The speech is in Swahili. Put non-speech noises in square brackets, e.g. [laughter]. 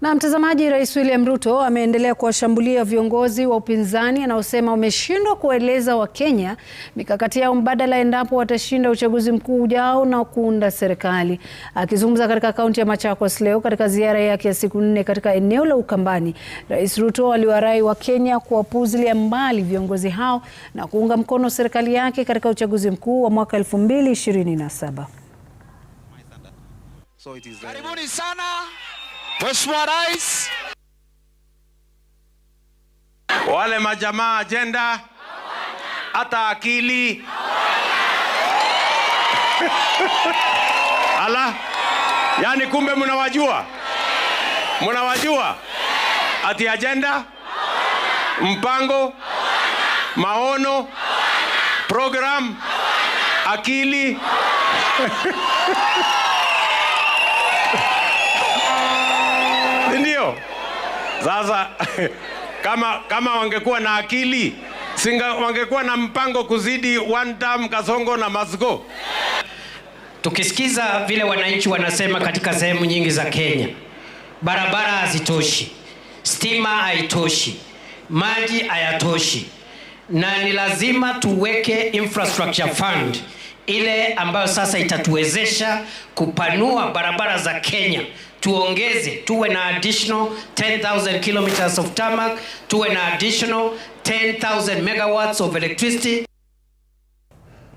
Na mtazamaji, Rais William Ruto ameendelea kuwashambulia viongozi wa upinzani anaosema wameshindwa kuwaeleza Wakenya mikakati yao mbadala endapo watashinda uchaguzi mkuu ujao na kuunda serikali. Akizungumza katika kaunti ya Machakos leo katika ziara yake ya siku nne katika eneo la Ukambani, Rais Ruto aliwarai Wakenya kuwapuzilia mbali viongozi hao na kuunga mkono serikali yake katika uchaguzi mkuu wa mwaka 2027. So it is, uh... Karibuni sana. Mheshimiwa Rais, wale majamaa ajenda hata akili [laughs] ala, yani kumbe mnawajua, mnawajua ati ajenda, mpango, maono, program, akili [laughs] Sasa [laughs] kama, kama wangekuwa na akili singa, wangekuwa na mpango kuzidi one term Kasongo na Masgo. Tukisikiza vile wananchi wanasema katika sehemu nyingi za Kenya, barabara hazitoshi, stima haitoshi, maji hayatoshi na ni lazima tuweke infrastructure fund ile ambayo sasa itatuwezesha kupanua barabara za Kenya, tuongeze, tuwe na additional 10000 kilometers of tarmac, tuwe na additional 10000 megawatts of electricity.